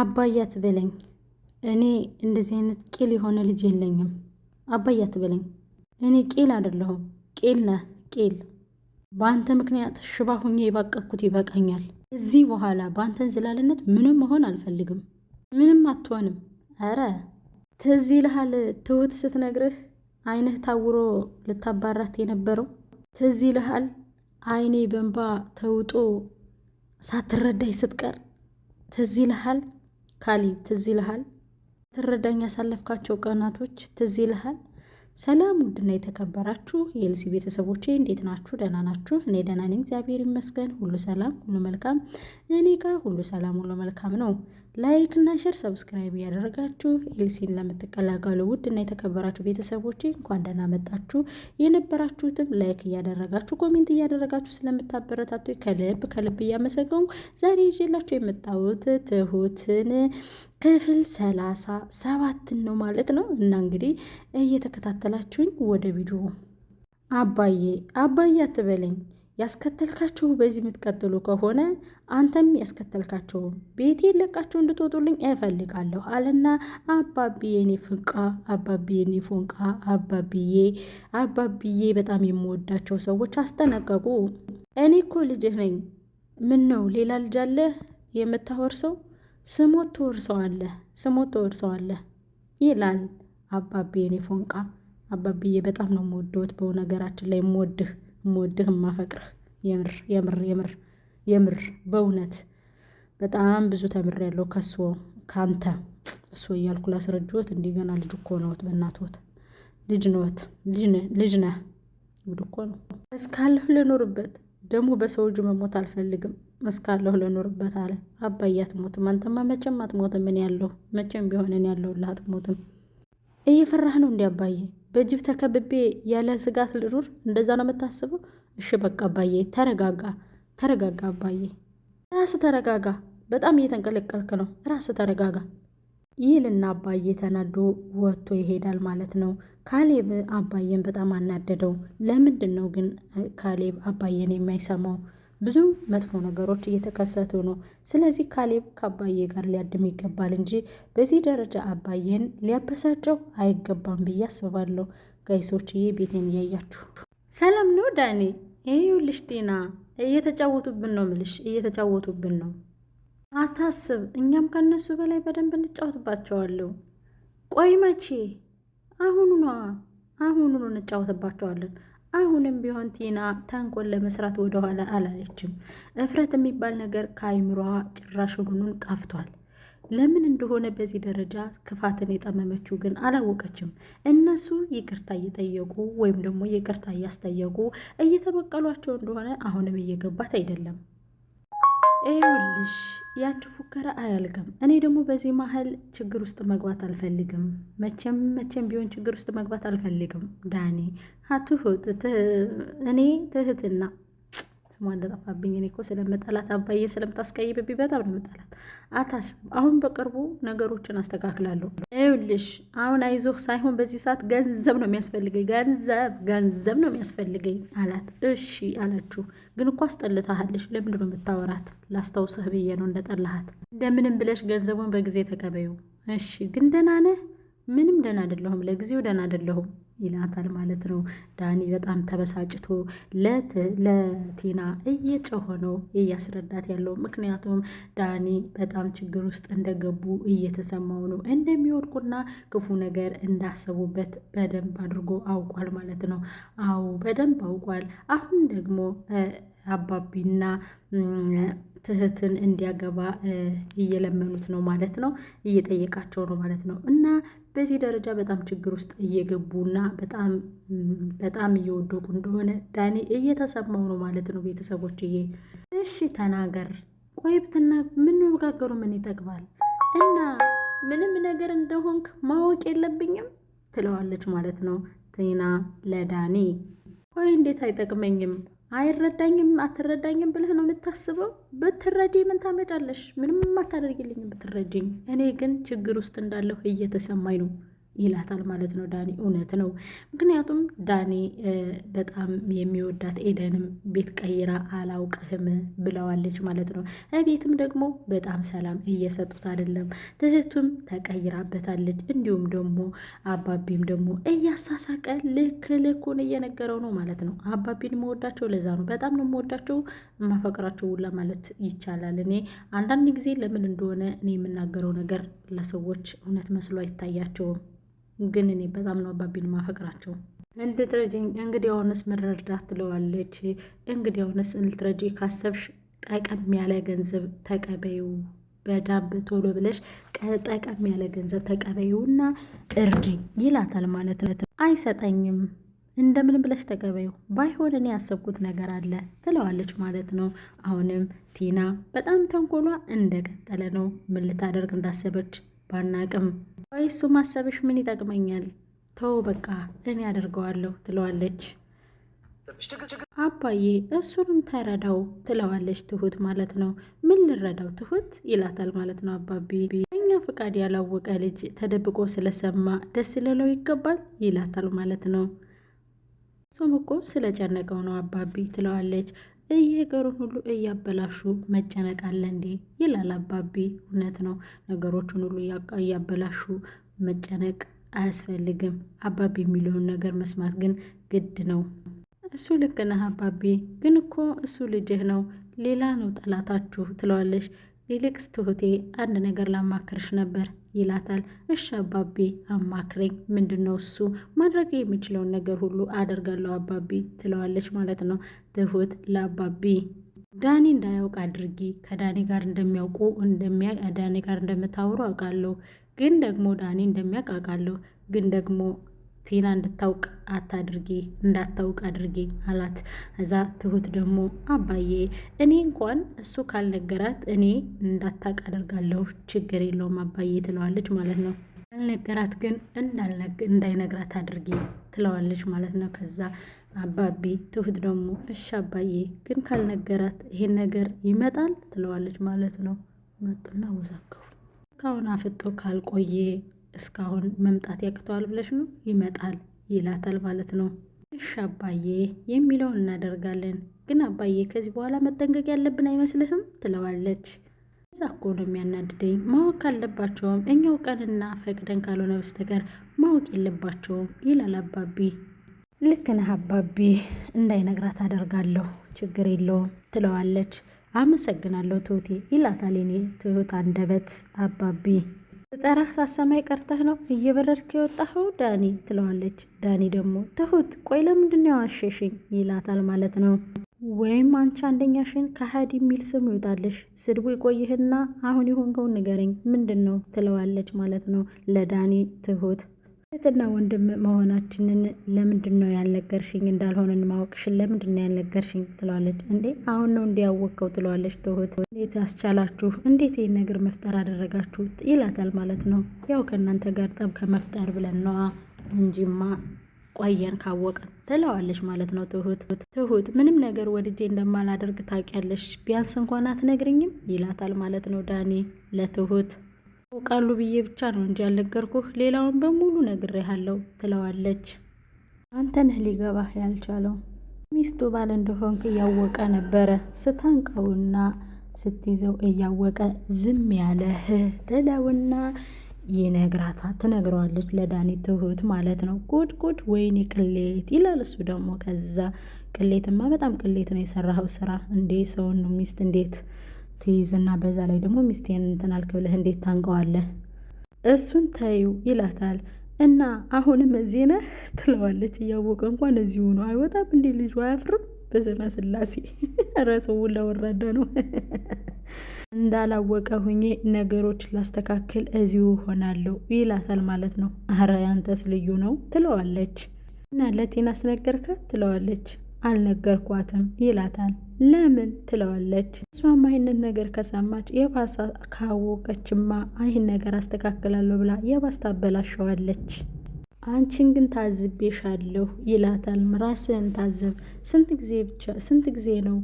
አባያት በለኝ። እኔ እንደዚህ አይነት ቂል የሆነ ልጅ የለኝም። አባያት በለኝ። እኔ ቂል አይደለሁም። ቂል ነህ ቂል። በአንተ ምክንያት ሽባ ሁኜ የባቀኩት ይበቃኛል። እዚህ በኋላ በአንተ እንዝላልነት ምንም መሆን አልፈልግም። ምንም አትሆንም። ኧረ ትዝ ይልሃል ትሁት ስትነግርህ ዓይንህ ታውሮ ልታባራት የነበረው ትዝ ይልሃል? አይኔ በንባ ተውጦ ሳትረዳይ ስትቀር ትዝ ይልሃል? ካሌብ ትዝ ይልሃል? ትረዳኝ ያሳለፍካቸው ቀናቶች ትዝ ይልሃል? ሰላም ውድና የተከበራችሁ የኤልሲ ቤተሰቦቼ እንዴት ናችሁ? ደህና ናችሁ? እኔ ደህና ነኝ፣ እግዚአብሔር ይመስገን። ሁሉ ሰላም፣ ሁሉ መልካም። እኔ ጋር ሁሉ ሰላም፣ ሁሉ መልካም ነው። ላይክ እና ሼር ሰብስክራይብ እያደረጋችሁ ኤልሲን ለምትቀላቀሉ እና የተከበራችሁ ቤተሰቦቼ እንኳን ደህና መጣችሁ። የነበራችሁትም ላይክ እያደረጋችሁ ኮሜንት እያደረጋችሁ ስለምታበረታቱ ከልብ ከልብ እያመሰገኑ ዛሬ ይዤላችሁ የመጣሁት ትሁትን ክፍል ሰላሳ ሰባትን ነው ማለት ነው እና እንግዲህ እየተከታተላችሁኝ ወደ ቪዲዮ አባዬ አባዬ አትበለኝ ያስከተልካቸው በዚህ የምትቀጥሉ ከሆነ አንተም ያስከተልካቸው ቤቴን ለቃቸው እንድትወጡልኝ እፈልጋለሁ አለና አባብዬ የኔ ፍቃ አባብዬ የኔ ፎንቃ አባብዬ አባብዬ በጣም የምወዳቸው ሰዎች አስጠነቀቁ። እኔ እኮ ልጅህ ነኝ። ምን ነው ሌላ ልጅ አለህ የምታወርሰው? ስሞት ትወርሰዋለህ፣ ስሞት ትወርሰዋለህ ይላል አባብዬ የኔ ፎንቃ። አባብዬ በጣም ነው የምወደውት በነገራችን ላይ የምወድህ የምወድህ የማፈቅርህ የምር የምር የምር የምር በእውነት በጣም ብዙ ተምር ያለው ከሱ ከአንተ እሱ እያልኩ ላስረጅወት እንዲገና ልጅ እኮ ነወት በእናትወት ልጅ ነወት ልጅ ነ ጉድ እኮ ነው እስካለሁ ልኖርበት ደግሞ በሰው እጅ መሞት አልፈልግም እስካለሁ ልኖርበት አለ አባዬ አትሞትም አንተማ መቼም አትሞትም እኔ ያለሁ መቼም ቢሆን እኔ ያለሁልህ አትሞትም እየፈራህ ነው እንዲ አባዬ? በጅብ ተከብቤ ያለ ስጋት ልኑር? እንደዛ ነው የምታስበው? እሺ በቃ አባዬ ተረጋጋ፣ ተረጋጋ አባዬ፣ ራስ ተረጋጋ። በጣም እየተንቀለቀልክ ነው፣ ራስ ተረጋጋ ይልና አባዬ ተናዶ ወጥቶ ይሄዳል ማለት ነው። ካሌብ አባዬን በጣም አናደደው። ለምንድን ነው ግን ካሌብ አባዬን የማይሰማው? ብዙ መጥፎ ነገሮች እየተከሰቱ ነው። ስለዚህ ካሌብ ከአባዬ ጋር ሊያድም ይገባል እንጂ በዚህ ደረጃ አባዬን ሊያበሳጨው አይገባም ብዬ አስባለሁ። ጋይሶችዬ ቤቴን እያያችሁ ሰላም ነው ዳኒ። ይኸውልሽ ጤና እየተጫወቱብን ነው ምልሽ፣ እየተጫወቱብን ነው። አታስብ፣ እኛም ከነሱ በላይ በደንብ እንጫወትባቸዋለሁ። ቆይ መቼ? አሁኑ ነዋ፣ አሁኑ እንጫወትባቸዋለን። አሁንም ቢሆን ቲና ተንኮል ለመስራት ወደኋላ አላለችም። እፍረት የሚባል ነገር ከአይምሯ ሆኑን ጠፍቷል። ለምን እንደሆነ በዚህ ደረጃ ክፋትን የጠመመችው ግን አላወቀችም። እነሱ ይቅርታ እየጠየቁ ወይም ደግሞ ይቅርታ እያስጠየቁ እየተበቀሏቸው እንደሆነ አሁንም እየገባት አይደለም። ይኸውልሽ የአንድ ፉከራ አያልቅም። እኔ ደግሞ በዚህ መሀል ችግር ውስጥ መግባት አልፈልግም። መቼም መቼም ቢሆን ችግር ውስጥ መግባት አልፈልግም ዳኒ። እኔ ትህትና ስሟ እንደጠፋብኝ እኔ እኮ ስለምጠላት አባዬ ስለምታስቀይምብኝ በጣም ነው የምጠላት። አታስብ። አሁን በቅርቡ ነገሮችን አስተካክላለሁ። ይኸውልሽ አሁን አይዞህ ሳይሆን በዚህ ሰዓት ገንዘብ ነው የሚያስፈልገኝ፣ ገንዘብ ገንዘብ ነው የሚያስፈልገኝ አላት። እሺ አላችሁ። ግን እኮ አስጠልታሃለሽ። ለምንድን ነው የምታወራት? ላስታውስህ ብዬ ነው እንደጠላሃት። እንደምንም ብለሽ ገንዘቡን በጊዜ ተቀበዩ። እሺ ግን ደህና ነህ? ምንም ደህና አይደለሁም። ለጊዜው ደህና አይደለሁም ይላታል ማለት ነው። ዳኒ በጣም ተበሳጭቶ ለቲና እየጮኸ ነው እያስረዳት ያለው። ምክንያቱም ዳኒ በጣም ችግር ውስጥ እንደገቡ እየተሰማው ነው። እንደሚወድቁና ክፉ ነገር እንዳሰቡበት በደንብ አድርጎ አውቋል ማለት ነው። አዎ በደንብ አውቋል። አሁን ደግሞ አባቢና ትህትን እንዲያገባ እየለመኑት ነው ማለት ነው፣ እየጠየቃቸው ነው ማለት ነው እና በዚህ ደረጃ በጣም ችግር ውስጥ እየገቡና በጣም በጣም እየወደቁ እንደሆነ ዳኒ እየተሰማው ነው ማለት ነው። ቤተሰቦችዬ፣ እሺ ተናገር ቆይብትና የምንነጋገሩ ምን ይጠቅማል እና ምንም ነገር እንደሆንክ ማወቅ የለብኝም ትለዋለች ማለት ነው ቲና ለዳኒ። ቆይ እንዴት አይጠቅመኝም አይረዳኝም አትረዳኝም ብለህ ነው የምታስበው? ብትረጂ ምን ታመጫለሽ? ምንም አታደርጊልኝም ብትረጂኝ። እኔ ግን ችግር ውስጥ እንዳለሁ እየተሰማኝ ነው። ይላታል ማለት ነው። ዳኒ እውነት ነው። ምክንያቱም ዳኒ በጣም የሚወዳት ኤደንም ቤት ቀይራ አላውቅህም ብለዋለች ማለት ነው። ቤትም ደግሞ በጣም ሰላም እየሰጡት አይደለም። ትህቱም ተቀይራበታለች። እንዲሁም ደግሞ አባቢም ደግሞ እያሳሳቀ ልክ ልኩን እየነገረው ነው ማለት ነው። አባቢን መወዳቸው ለዛ ነው። በጣም ነው መወዳቸው ማፈቅራቸው ውላ ማለት ይቻላል። እኔ አንዳንድ ጊዜ ለምን እንደሆነ እኔ የምናገረው ነገር ለሰዎች እውነት መስሎ አይታያቸውም። ግን እኔ በጣም ነው አባቢን ማፈቅራቸው። እንድትረጅኝ እንግዲህ ምን ረዳት ትለዋለች። እንግዲህ አሁንስ ካሰብሽ ጠቀም ያለ ገንዘብ ተቀበዩ በዳብ ቶሎ ብለሽ ጠቀም ያለ ገንዘብ ተቀበይውና እርጅኝ ይላታል ማለት ነው። አይሰጠኝም እንደምን ብለሽ ተቀበዩ፣ ባይሆን እኔ ያሰብኩት ነገር አለ ትለዋለች ማለት ነው። አሁንም ቲና በጣም ተንኮሏ እንደቀጠለ ነው። ምን ልታደርግ እንዳሰበች ባናቅም ቆይ እሱ ማሰብሽ ምን ይጠቅመኛል? ተው በቃ እኔ አደርገዋለሁ ትለዋለች። አባዬ እሱንም ተረዳው ትለዋለች ትሁት ማለት ነው። ምን ልረዳው ትሁት ይላታል ማለት ነው። አባቢ እኛ ፈቃድ ያላወቀ ልጅ ተደብቆ ስለሰማ ደስ ልለው ይገባል ይላታል ማለት ነው። እሱም እኮ ስለጨነቀው ነው አባቢ ትለዋለች። እየገሩን ሁሉ እያበላሹ መጨነቅ አለ እንዴ? ይላል አባቢ። እውነት ነው፣ ነገሮችን ሁሉ እያበላሹ መጨነቅ አያስፈልግም። አባቢ የሚለውን ነገር መስማት ግን ግድ ነው። እሱ ልክ ነህ አባቢ፣ ግን እኮ እሱ ልጅህ ነው፣ ሌላ ነው ጠላታችሁ ትለዋለች። ሊልቅስ ትሁቴ፣ አንድ ነገር ላማክርሽ ነበር ይላታል። እሺ አባቤ አማክረኝ፣ ምንድን ነው እሱ ማድረግ የሚችለውን ነገር ሁሉ አደርጋለሁ አባቢ ትለዋለች ማለት ነው ትሁት ለአባቢ ዳኒ እንዳያውቅ አድርጊ። ከዳኒ ጋር እንደሚያውቁ ዳኒ ጋር እንደምታወሩ አውቃለሁ፣ ግን ደግሞ ዳኒ እንደሚያውቅ አውቃለሁ፣ ግን ደግሞ ቲና እንድታውቅ አታድርጊ፣ እንዳታውቅ አድርጊ አላት። እዛ ትሁት ደግሞ አባዬ እኔ እንኳን እሱ ካልነገራት እኔ እንዳታውቅ አደርጋለሁ፣ ችግር የለውም አባዬ ትለዋለች ማለት ነው። ካልነገራት ግን እንዳይነግራት አድርጊ ትለዋለች ማለት ነው። ከዛ አባቢ ትሁት ደግሞ እሺ አባዬ ግን ካልነገራት ይሄን ነገር ይመጣል ትለዋለች ማለት ነው። መጡና ወዛከቡ እስካሁን አፍጦ ካልቆየ እስካሁን መምጣት ያቅተዋል ብለሽ ነው? ይመጣል ይላታል ማለት ነው። እሺ አባዬ የሚለውን እናደርጋለን፣ ግን አባዬ ከዚህ በኋላ መጠንቀቅ ያለብን አይመስልህም? ትለዋለች። እዛ እኮ ነው የሚያናድደኝ። ማወቅ ካለባቸውም እኛው ቀንና ፈቅደን ካልሆነ በስተቀር ማወቅ የለባቸውም ይላል አባቢ። ልክ ነህ አባቢ፣ እንዳይነግራት አደርጋለሁ፣ ችግር የለውም ትለዋለች። አመሰግናለሁ ትሁቴ ይላታል ኔ ትሁት አንደበት አባቢ ስጠራህ ሳሰማይ ቀርተህ ነው እየበረርክ የወጣኸው ዳኒ ትለዋለች። ዳኒ ደግሞ ትሁት ቆይ ለምንድን ያዋሸሽኝ ይላታል ማለት ነው። ወይም አንቺ አንደኛሽን ከሀዲ የሚል ስም ይወጣለሽ ስድቡ ይቆይህና አሁን የሆንከውን ንገረኝ ምንድን ነው ትለዋለች ማለት ነው ለዳኒ ትሁት እህትና ወንድም መሆናችንን ለምንድን ነው ያልነገርሽኝ? እንዳልሆነን ማወቅሽን ለምንድን ነው ያልነገርሽኝ? ትለዋለች። እንዴ አሁን ነው እንዲያወቀው ትለዋለች። ትሁት እንዴት አስቻላችሁ? እንዴት ይህን ነገር መፍጠር አደረጋችሁ? ይላታል ማለት ነው። ያው ከእናንተ ጋር ጠብ ከመፍጠር ብለን ነዋ እንጂማ ቆየን ካወቀን ትለዋለች ማለት ነው። ትሁት ትሁት ምንም ነገር ወድጄ እንደማላደርግ ታውቂያለሽ፣ ቢያንስ እንኳን አትነግርኝም? ይላታል ማለት ነው ዳኒ ለትሁት ያውቃሉ ብዬ ብቻ ነው እንጂ ያልነገርኩህ ሌላውን በሙሉ ነግሬሃለሁ ትለዋለች። ነህ ሊገባህ ያልቻለው ሚስቱ ባል እንደሆንክ እያወቀ ነበረ ስታንቀውና ስትይዘው እያወቀ ዝም ያለህ ትለውና ይነግራታ ትነግረዋለች። ለዳኒ ትሁት ማለት ነው። ጉድ ጉድ፣ ወይኔ ቅሌት ይላል እሱ ደግሞ። ከዛ ቅሌትማ በጣም ቅሌት ነው የሰራኸው ስራ እንዴ! ሰውን ሚስት እንዴት ትይዝና በዛ ላይ ደግሞ ሚስቴን እንትን አልክ ብለህ እንዴት ታንቀዋለህ? እሱን ታዩ ይላታል። እና አሁንም እዚህ ነህ ትለዋለች። እያወቀ እንኳን እዚሁ ነው። አይወጣም እንዲ ልጁ አያፍርም? በዘመ ስላሴ ረሰው ለወረደ ነው። እንዳላወቀ ሁኜ ነገሮች ላስተካክል እዚሁ ሆናለሁ ይላታል ማለት ነው። አረ ያንተስ ልዩ ነው ትለዋለች። እና ለቴና ስነገርካት ትለዋለች። አልነገርኳትም ይላታል። ለምን ትለዋለች። እሷም ይህንን ነገር ከሰማች የባሳ ካወቀችማ አይህን ነገር አስተካክላለሁ ብላ የባስ ታበላሸዋለች። አንቺን ግን ታዝቤሻለሁ ይላታል። ራስህን ታዘብ። ስንት ጊዜ ብቻ ስንት ጊዜ ነው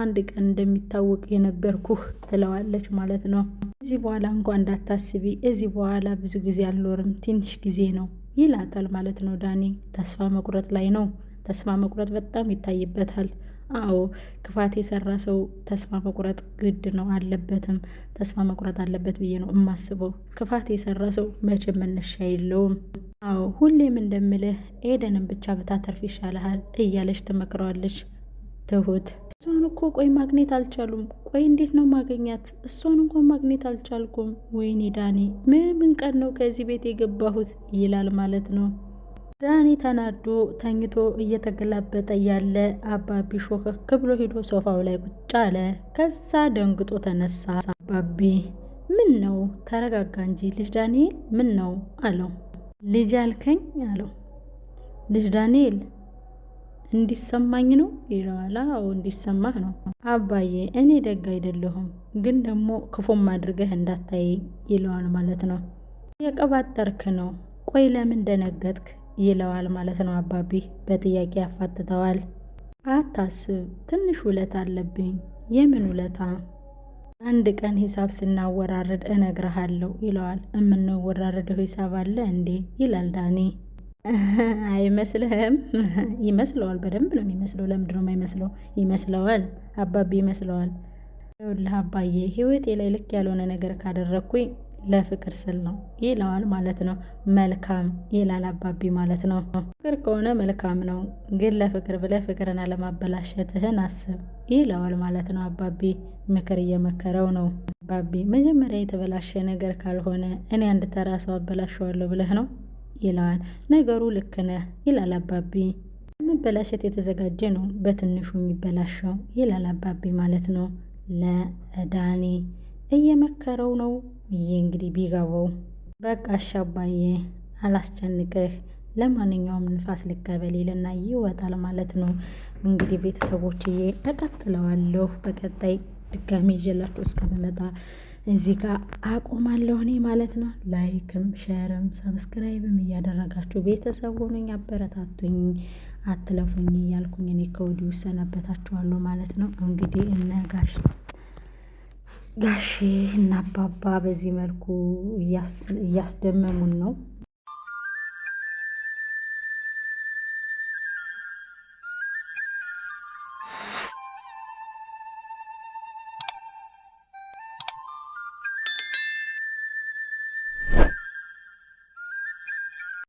አንድ ቀን እንደሚታወቅ የነገርኩህ ትለዋለች ማለት ነው። እዚህ በኋላ እንኳ እንዳታስቢ፣ እዚህ በኋላ ብዙ ጊዜ አልኖርም፣ ትንሽ ጊዜ ነው ይላታል ማለት ነው። ዳኒ ተስፋ መቁረጥ ላይ ነው። ተስፋ መቁረጥ በጣም ይታይበታል። አዎ ክፋት የሰራ ሰው ተስፋ መቁረጥ ግድ ነው አለበትም፣ ተስፋ መቁረጥ አለበት ብዬ ነው የማስበው። ክፋት የሰራ ሰው መቼም መነሻ የለውም። አዎ ሁሌም እንደምልህ ኤደንን ብቻ ብታተርፍ ይሻልሃል እያለች ትመክረዋለች ትሁት። እሷን እኮ ቆይ ማግኘት አልቻሉም። ቆይ እንዴት ነው ማገኛት? እሷን እንኳ ማግኘት አልቻልኩም። ወይኔ ዳኔ ምን ቀን ነው ከዚህ ቤት የገባሁት ይላል ማለት ነው ዳኒ ተናዶ ተኝቶ እየተገላበጠ ያለ አባቢ ሾከክ ብሎ ሄዶ ሶፋው ላይ ቁጭ አለ። ከዛ ደንግጦ ተነሳ። አባቢ ምን ነው ተረጋጋ እንጂ ልጅ ዳንኤል ምን ነው አለው። ልጅ አልከኝ አለው። ልጅ ዳንኤል እንዲሰማኝ ነው ይለዋል። አዎ እንዲሰማህ ነው አባዬ። እኔ ደግ አይደለሁም፣ ግን ደግሞ ክፉም አድርገህ እንዳታይ ይለዋል ማለት ነው። የቀባጠርክ ነው ቆይ ለምን ደነገጥክ ይለዋል ማለት ነው። አባቢ በጥያቄ ያፋትተዋል። አታስብ፣ ትንሽ ውለታ አለብኝ። የምን ውለታ? አንድ ቀን ሂሳብ ስናወራረድ እነግረሃለሁ ይለዋል። የምንወራረደው ሂሳብ አለ እንዴ? ይላል ዳኒ። አይመስልህም? ይመስለዋል። በደንብ ነው የሚመስለው። ለምንድን ነው የማይመስለው? ይመስለዋል። አባቢ ይመስለዋል። ይኸውልህ አባዬ፣ ህይወቴ ላይ ልክ ያልሆነ ነገር ካደረግኩኝ ለፍቅር ስል ነው ይለዋል ማለት ነው። መልካም ይላል አባቢ ማለት ነው። ፍቅር ከሆነ መልካም ነው፣ ግን ለፍቅር ብለህ ፍቅርን አለማበላሸትህን አስብ ይለዋል ማለት ነው። አባቢ ምክር እየመከረው ነው። አባቢ መጀመሪያ የተበላሸ ነገር ካልሆነ እኔ አንድ ተራ ሰው አበላሸዋለሁ ብለህ ነው ይለዋል። ነገሩ ልክ ነህ ይላል አባቢ። መበላሸት የተዘጋጀ ነው በትንሹ የሚበላሸው ይላል አባቢ ማለት ነው። ለዳኒ እየመከረው ነው ይሄ እንግዲህ ቢገባው በቃ አሻባዬ አላስጨንቅህ ለማንኛውም ንፋስ ልቀበል ይልና ይወጣል ማለት ነው። እንግዲህ ቤተሰቦችዬ እቀጥለዋለሁ። በቀጣይ ድጋሚ ይዤላችሁ እስከምመጣ እዚህ ጋር አቆማለሁ እኔ ማለት ነው። ላይክም ሼርም ሰብስክራይብም እያደረጋችሁ ቤተሰብ ሆኑኝ፣ አበረታቱኝ፣ አትለፉኝ እያልኩኝ እኔ ከወዲሁ እሰናበታችኋለሁ ማለት ነው። እንግዲህ እነ ጋሽ ጋሼ እና አባባ በዚህ መልኩ እያስደመሙን ነው።